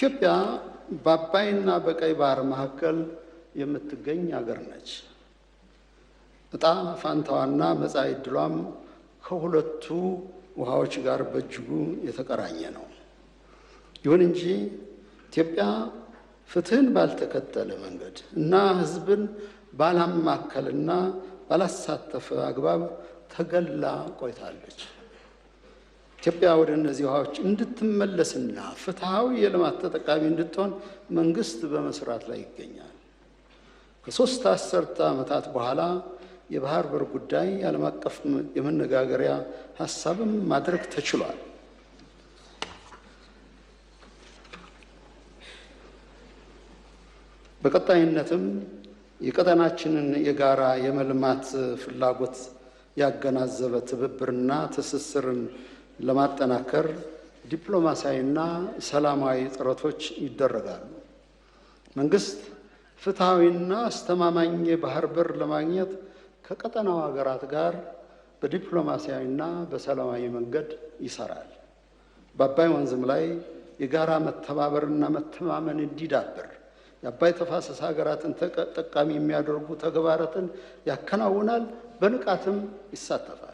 ኢትዮጵያ በአባይና በቀይ ባህር መካከል የምትገኝ አገር ነች። እጣ ፋንታዋና መጻኢ ዕድሏም ከሁለቱ ውሃዎች ጋር በእጅጉ የተቀራኘ ነው። ይሁን እንጂ ኢትዮጵያ ፍትህን ባልተከተለ መንገድ እና ሕዝብን ባላማከልና ባላሳተፈ አግባብ ተገላ ቆይታለች። ኢትዮጵያ ወደ እነዚህ ውሃዎች እንድትመለስና ፍትሐዊ የልማት ተጠቃሚ እንድትሆን መንግስት በመስራት ላይ ይገኛል። ከሶስት አስርተ ዓመታት በኋላ የባህር በር ጉዳይ የዓለም አቀፍ የመነጋገሪያ ሀሳብም ማድረግ ተችሏል። በቀጣይነትም የቀጠናችንን የጋራ የመልማት ፍላጎት ያገናዘበ ትብብርና ትስስርን ለማጠናከር ዲፕሎማሲያዊና ሰላማዊ ጥረቶች ይደረጋሉ። መንግስት ፍትሐዊና አስተማማኝ የባህር በር ለማግኘት ከቀጠናው ሀገራት ጋር በዲፕሎማሲያዊና በሰላማዊ መንገድ ይሰራል። በአባይ ወንዝም ላይ የጋራ መተባበርና መተማመን እንዲዳብር የአባይ ተፋሰስ ሀገራትን ተጠቃሚ የሚያደርጉ ተግባራትን ያከናውናል፣ በንቃትም ይሳተፋል።